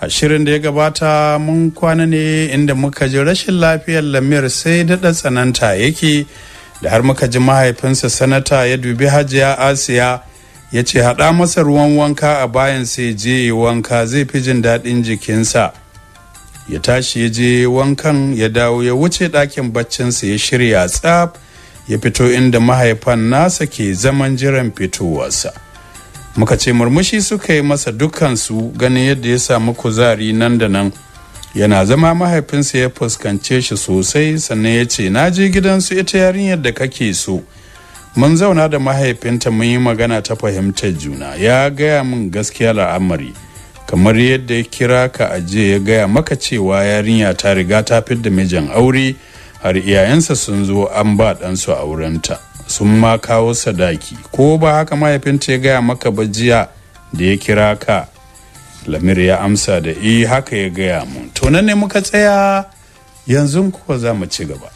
a shirin da ya gabata mun kwana ne inda muka ji rashin lafiyar lamiyar sai daɗa tsananta yake da har muka ji mahaifinsa sanata ya dubi hajiya asiya ya ce haɗa masa ruwan wanka a bayan sai je wanka zai fi jin daɗin jikinsa ya tashi ya je wankan ya dawo ya wuce ɗakin baccinsa ya shirya tsaf ya fito inda mahaifan nasa ke zaman jiran fitowarsa. muka ce murmushi suka yi masa dukansu ganin yadda ya samu kuzari nan da nan yana zama mahaifinsa ya fuskance shi sosai sannan ya ce na je gidansu ita yarinyar da kake so mun zauna da mahaifinta mun yi magana ta fahimtar juna ya gaya min gaskiya la'amari kamar yadda ya kira ka aje ya gaya maka cewa yarinya ta riga ta fidda mijin aure har iyayensa sun zo an ba ɗansu aurenta sun ma kawo sadaki ko ba haka mahaifinta ya gaya maka ba jiya da ya kira ka lamir ya amsa da e haka ya gaya mun to nan ne muka tsaya yanzu kuwa za mu ci gaba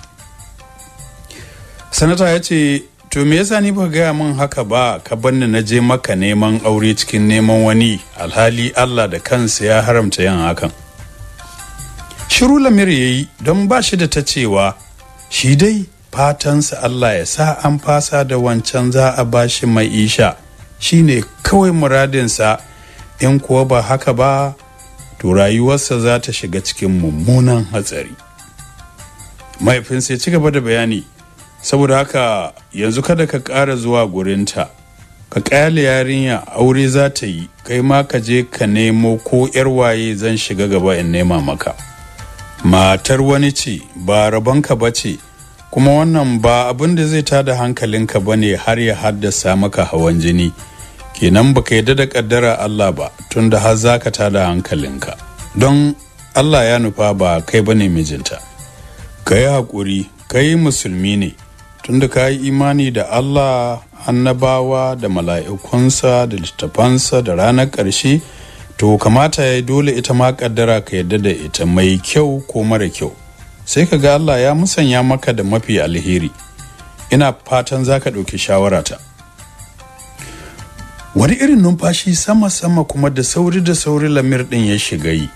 sanata ya ce to me yasa ni ba gaya mun haka ba ka banni na je maka neman aure cikin neman wani alhali allah da kansa ya haramta yin hakan shiru lamir ya yi don ba shi da ta cewa shi dai fatansa Allah ya sa an fasa da wancan za a bashi mai isha shine kawai muradinsa in kuwa ba haka ba to rayuwarsa za ta shiga cikin mummunan hatsari mahaifinsa ya ci gaba da bayani saboda haka yanzu kada ka ƙara zuwa gurin ta ka ƙyale yarinya aure za ta yi kai ma ka je ka nemo ko yar waye zan shiga gaba in nema maka matar wani ce ba rabonka ba ce kuma wannan ba abin da zai tada hankalinka ba ne har ya haddasa maka hawan jini kenan ba ka yadda da kaddara Allah ba tun da har za ka tada hankalinka don Allah ya nufa ba kai ba ne mijinta ka yi haƙuri kai musulmi ne tunda ka yi imani da Allah annabawa da mala'ikunsa da littafansa da ranar ƙarshe to kamata ya yi dole ita ma kaddara ka yarda da ita mai kyau ko mara kyau sai ka ga Allah ya musanya maka da mafi alheri ina fatan za ka ɗauki shawarata wani irin numfashi sama-sama kuma da sauri da sauri lamir ɗin ya shiga yi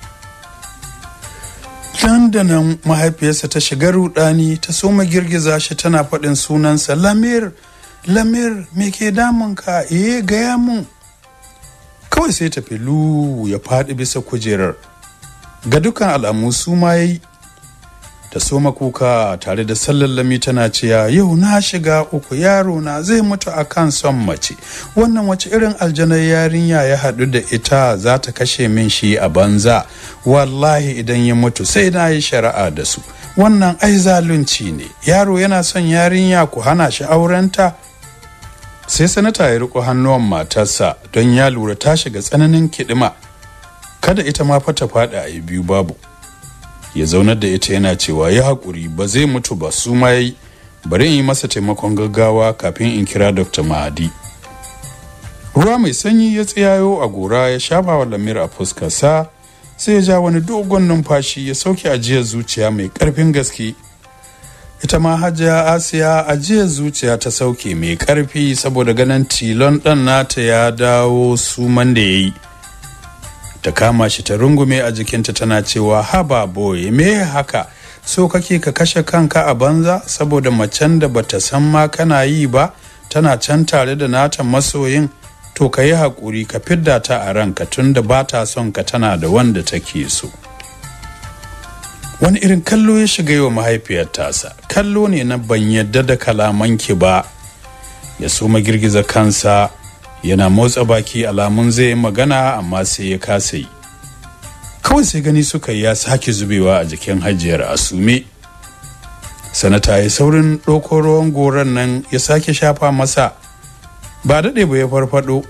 can da nan mahaifiyarsa ta shiga rudani ta soma girgiza shi tana faɗin sunansa lamir lamir me ke damunka Iye! Eh, gaya mun kawai sai ta filu ya faɗi bisa kujerar ga dukkan al'amu su ma ya yi. ta soma kuka tare da sallallami tana cewa yau na shiga uku yaro na zai mutu a kan son mace wannan wace irin aljanar yarinya ya haɗu da ita za ta kashe min shi a banza wallahi idan ya mutu sai na yi shari'a da su wannan ai zalunci ne yaro yana son yarinya ku hana shi aurenta sai sanata ya riko hannuwan matarsa don ya lura ta shiga tsananin kiɗima kada ita ma fata ta faɗi a biyu babu ya zaunar da ita yana cewa ya haƙuri ba zai mutu ba su ma yi bari in yi masa taimakon gaggawa kafin in kira dr mahadi ruwa mai sanyi ya tsayayo a gora ya shafa wa lamir a fuskarsa sai ya ja wani dogon numfashi ya sauke ajiyar zuciya mai karfin gaske ita ma hajiya asiya ajiyar zuciya ta sauke mai karfi saboda ganin tilon ɗan nata ya dawo suman da ya yi ta kama shi ta rungume a jikinta tana cewa haba boy me haka so kake ka kashe kanka a banza saboda macen da bata san ma kana yi ba tana can tare da nata masoyin to ka yi haƙuri ka fidda ta a ranka tun da ba ta son ka tana da wanda take so wani irin kallo ya shiga wa mahaifiyar tasa kallo ne na ban yadda da kalamanki ba ya suma girgiza kansa yana motsa baki alamun zai magana amma sai ya kasa yi kawai sai gani suka ya sake zubewa a jikin hajiyar asume sanata ya saurin ɗauko ruwan goron nan ya sake shafa masa ba daɗe ba ya farfaɗo.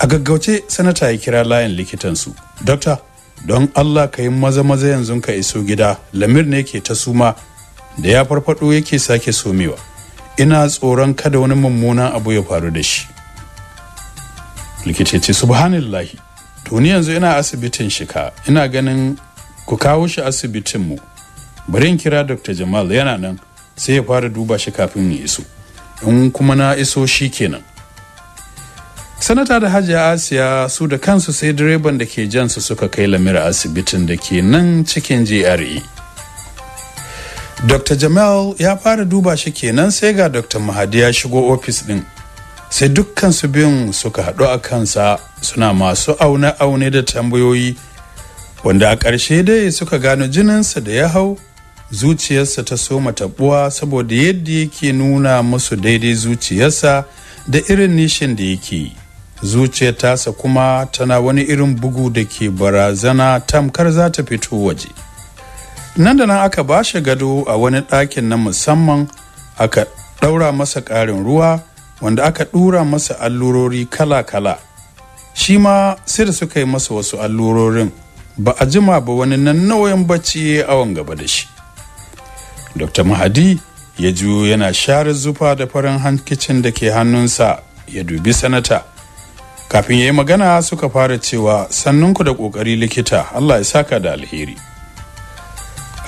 a gaggauce sanata ya kira layin likitansu dokta don allah ka yi maza maza yanzu ka iso gida lamir ne ke ta suma da ya farfado yake sake somewa ina tsoron kada wani mummunan abu ya faru da shi likita ce subhanallahi to ni yanzu ina asibitin shika ina ganin ku kawo shi asibitin mu bari in kira dr jamal yana nan sai ya fara duba shi kafin ya iso in kuma na iso shi kenan sanata da hajji asiya su da kansu sai direban da ke jansu suka kai lamira asibitin da ke nan cikin jre dr jamal ya fara duba shi kenan sai ga dr mahadi ya shigo ofis din sai dukkan su biyun suka haɗu a kansa suna masu aune-aune da tambayoyi wanda a ƙarshe dai suka gano jininsa da ya hau zuciyarsa ta soma taɓuwa saboda yadda yake nuna musu daidai zuciyarsa da irin nishin da yake zuciyar tasa kuma tana wani irin bugu da ke barazana tamkar za ta fito waje nan da nan aka ba shi gado a wani ɗakin na musamman aka ɗaura masa ƙarin ruwa wanda aka ɗura masa allurori kala-kala shi ma sai da suka yi masa wasu allurorin ba a jima ba wani nan nauyin bacci ya awon gaba da shi dr mahadi ya juyo yana share zufa da farin hankicin da ke hannunsa ya dubi sanata kafin ya yi magana suka fara cewa sannunku da ƙoƙari likita allah ya saka da alheri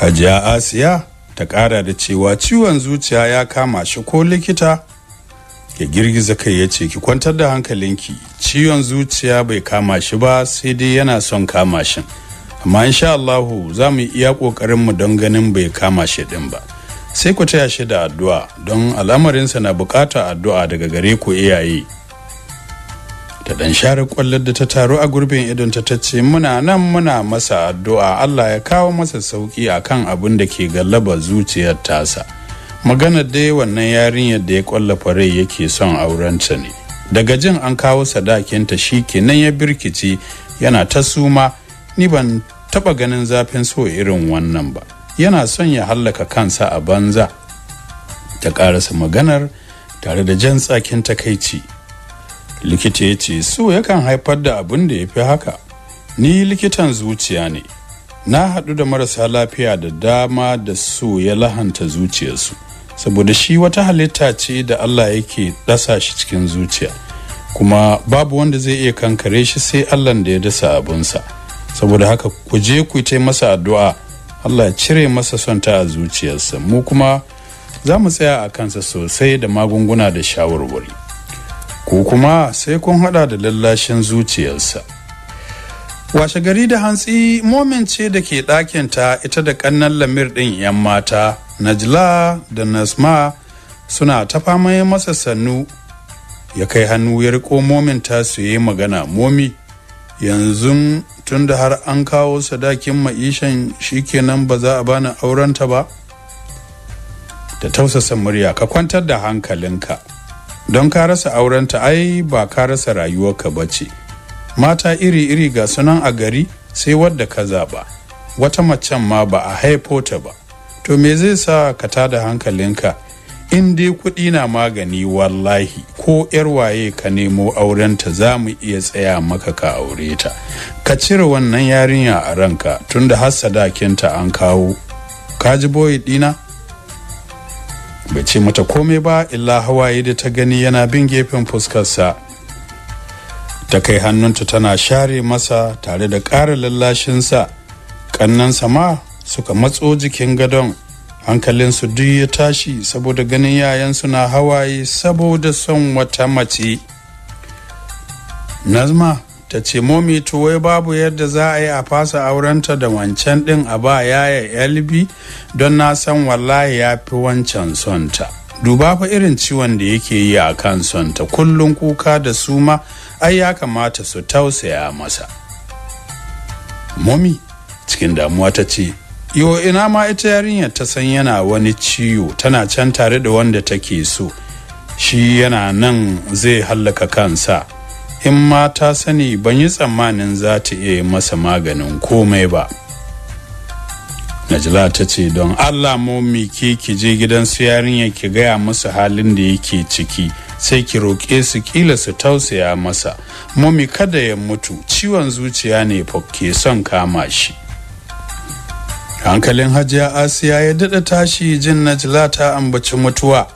hajiya asiya ta ƙara da cewa ciwon zuciya ya kama shi ko likita ya girgiza kai ya ce ki kwantar da hankalinki ciwon zuciya bai kama shi ba sai dai yana son kama shi amma insha Allahu za mu iya kokarin mu don ganin bai kama shi din ba sai ku taya shi da addu'a don al'amarinsa na bukata addu'a daga gare ku iyaye ta dan share kwallar da ta taru a gurbin idon ta tace muna nan muna masa addu'a Allah ya kawo masa sauki akan abin da ke gallaba zuciyar tasa maganar dai wannan yarinyar da ya kwallafa rai yake son aurenta ne daga jin an kawo sadakinta shi kenan ya birkici yana ta suma ni ban taba ganin zafin so irin wannan ba yana son ya hallaka kansa a banza ta karasa maganar tare da jan tsakin takaici likita ya ce so yakan haifar da abin da ya fi haka ni likitan zuciya ne na haɗu da marasa lafiya da dama da so ya lahanta zuciyarsu saboda shi wata halitta ce da Allah yake dasa shi cikin zuciya kuma babu wanda zai iya kankare shi sai Allah da ya dasa abunsa saboda haka ku je ku yi masa addu'a Allah ya cire masa son ta a zuciyarsa mu kuma za mu tsaya a kansa sosai da magunguna da shawarwari ko kuma sai kun hada da lallashin zuciyarsa washe gari da hantsi momin ce da ke ɗakin ta ita da ƙannan lamir ɗin 'yan mata najla da nasma suna ta fama masa sannu ya kai hannu ya riko momin ta su yi magana momi yanzu tun da har an kawo sadakin ma'ishan shikenan ba za a bani aurenta ba da tausasa murya ka kwantar da hankalinka don ka rasa aurenta ai ba ka rasa rayuwarka ba ce mata iri-iri ga sunan a gari sai wadda ka zaɓa wata macen ma ba a haifo ta ba to me zai sa ka tada hankalinka in dai kuɗi na magani wallahi ko yar waye ka nemo aurenta za mu iya tsaya maka ka aure ta ka cire wannan yarinya a ranka tunda har sadakinta an kawo ka ji boye ɗina bai ce mata komai ba illa hawaye da ta gani yana bin gefen fuskarsa ta kai hannunta tana share masa tare da ƙara lallashinsa ƙannansa sama suka matso jikin gadon hankalinsu duk ya tashi saboda ganin yayansu na hawaye saboda son wata mace nazma ta ce momi tuwai babu yadda za a yi a fasa aurenta da wancan ɗin a ba yaya yalbi don na san wallahi ya fi wancan sonta. ta duba fa irin ciwon da yake yi a kan sonta kullum kuka da suma ai ya kamata su tausaya masa momi cikin damuwa ta ce yo ina ma ita yarinya ta san yana wani ciwo tana can tare da wanda take so shi yana nan zai hallaka kansa in ma ta sani ban yi tsammanin za ta iya masa maganin komai ba najila ta ce don allah mu ke ki je gidan su yarinya ki gaya musu halin da yake ciki sai ki roƙe su kila su tausaya masa mummi kada ya mutu ciwon zuciya ne fa son kama shi hankalin hajiya asiya ya daɗa tashi jin najila ta ambaci mutuwa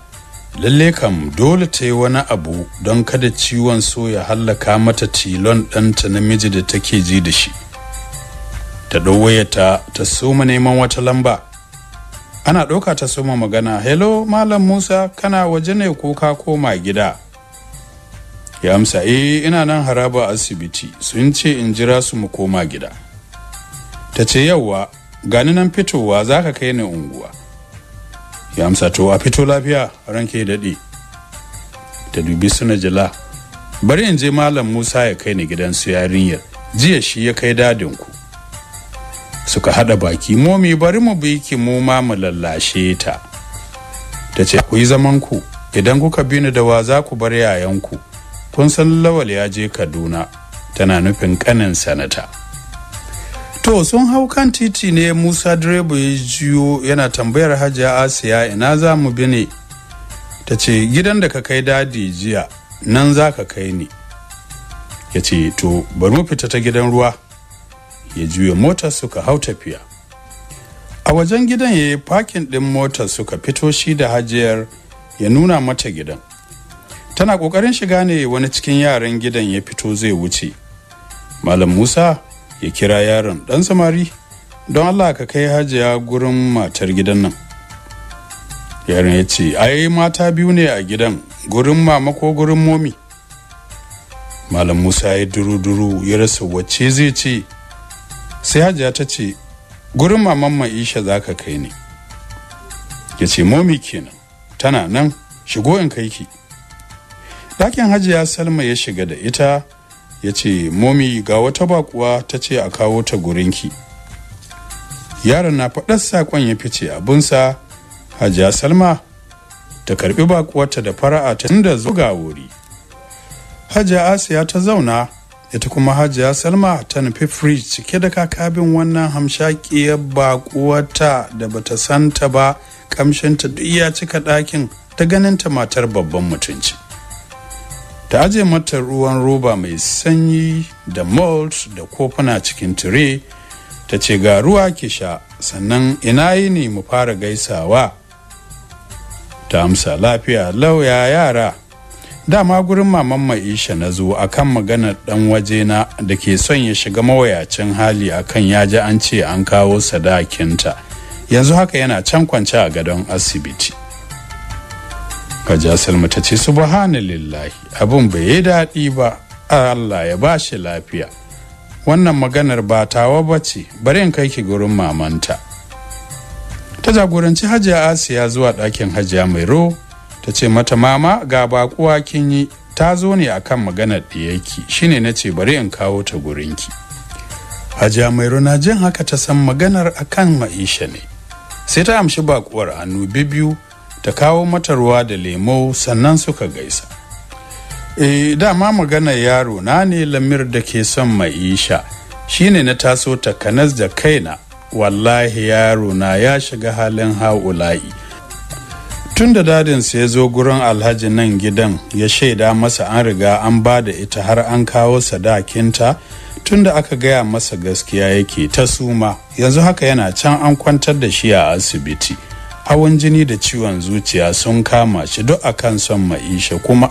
lalle kam dole ta yi wani abu don kada ciwon so ya hallaka mata tilon ɗanta namiji da take ji da shi ta ɗau ta ta soma neman wata lamba ana ɗauka ta soma magana hello malam musa kana waje ne ko ka koma gida ya amsa eh ina nan haraba asibiti sun ce in jira su mu koma gida ta ce yauwa gani nan fitowa za ka kai ni unguwa ya amsa to a fito lafiya ranke daɗe ta dubi suna jila bari in je malam musa ya kai ni gidan su yarinyar jiya shi ya kai dadinku suka hada baki momi bari mu bi ki mu ma mu lallashe ta ta ce ku yi zaman ku idan kuka bi ni da wa za ku bar yayanku kun san lawal ya je kaduna tana nufin kanin sanata to sun hau kan titi ne musa direba ya jiyo yana tambayar hajiya asiya ina za mu bi ne ta ce gidan da ka kai dadi jiya nan za ka kai ni ya ce to bari mu fita ta gidan ruwa ya juya mota suka hau tafiya a wajen gidan ya yi fakin ɗin mota suka fito shi da hajiyar ya nuna mata gidan tana ƙoƙarin shiga ne wani cikin yaran gidan ya fito zai wuce malam musa ya kira yaron ɗan samari don allah ka kai hajiya gurin matar gidan nan yaron ya ce ai mata biyu ne a gidan gurin mama ko gurin momi malam musa ya duru-duru ya rasa wacce zai ce sai hajiya ta ce gurin maman ma'isha za ka kai ne ya ce momi kenan tana nan shigo in kai ki ɗakin hajiya salma ya shiga da ita ya ce momi ga wata bakuwa ta ce a kawo ta gurin ki. yaron na faɗar saƙon ya fice abunsa hajiya salma ta karɓi bakuwarta da fara'a ta inda zuga wuri hajiya asiya ta zauna ita kuma hajiya salma ta nufi fridge cike da kakabin wannan hamshakiyar bakuwata da bata santa ba kamshinta duk ya cika ɗakin ta ganin ta matar babban mutunci ta aje mata ruwan roba mai sanyi da malt da kofuna cikin tire ta ce ga ruwa ki sha sannan ina yi ne mu fara gaisawa ta amsa lafiya lauya yara dama gurin maman maisha na zo kan maganar dan wajena da ke son ya shiga mawayacin hali akan ya ji an ce an kawo sadakinta yanzu haka yana can kwance a gadon asibiti kaja salma ta ce subhanallahi abin bai yi daɗi ba allah ya ba shi lafiya wannan maganar ba tawa ba ce bari in kai ki gurin mamanta ta jagoranci hajiya asiya zuwa ɗakin hajiya mai ro ta ce mata mama ga bakuwa kin yi ta zo ne a kan maganar da ɗiyaki shine na ce bari in kawo ta gurinki hajiya mai runa jin haka ta san maganar a kan ma'isha ne sai ta amshi bakuwar hannu bibiyu ta kawo mata ruwa da lemo sannan suka gaisa e dama maganar yaro na ne lamir da ke son ma'isha shine na taso takanas da kaina wallahi yaro na ya shiga halin ha'ula'i tun da dadinsa ya zo gurin alhaji nan gidan ya shaida masa an riga an ba da ita har an kawo sadakinta tun da aka gaya masa gaskiya yake ta suma yanzu haka yana can an kwantar da shi a asibiti hawan jini da ciwon zuciya sun kama shi duk a kan son ma'isha kuma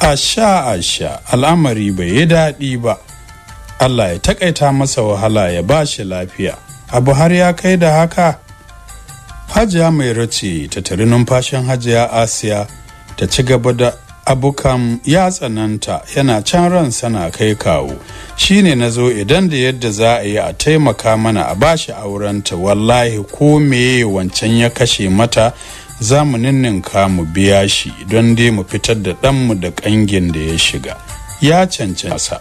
a sha a sha al'amari bai yi daɗi ba allah ya taƙaita masa wahala ya ba shi lafiya abu har ya kai da haka hajiya mai race ta tari numfashin hajiya asiya ta ci gaba da abukan ya tsananta yana can ran sana kai kawo shine na zo idan da yadda za a yi a taimaka mana a bashi aurenta wallahi ko meye wancan ya kashe mata za mu ninninka mu biya shi don dai mu fitar da ɗanmu da ƙangin da ya shiga ya cancanta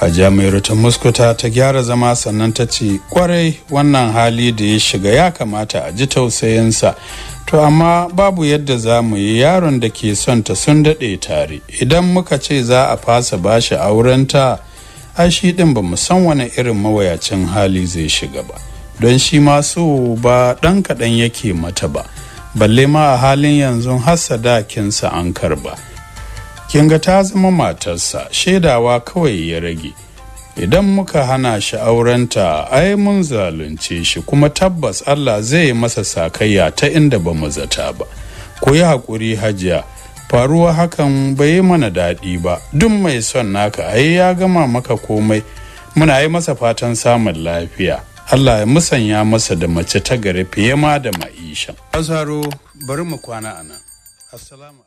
a jami'ar ta muskuta ta gyara zama sannan ta ce kwarai wannan hali da ya shiga ya kamata a ji tausayinsa to amma babu yadda za mu yi yaron da ke son ta sun daɗe tare idan muka ce za a fasa bashi aurenta a shi ɗin ba mu san wani irin mawayacin hali zai shiga ba don shi ma so ba ɗan kaɗan yake mata ba balle ma a halin yanzu har kinsa an karba. kin ga ta zama matarsa shaidawa kawai ya rage idan muka hana shi aurenta ai mun zalunce shi kuma tabbas Allah zai masa sakayya ta inda ba mu zata ba ku yi haƙuri hajiya faruwa hakan bai yi mana daɗi ba duk mai son naka ai ya gama maka komai muna yi masa fatan samun lafiya Allah ya musanya masa da mace ta gari fiye ma da ma'ishan. bari mu kwana a Assalamu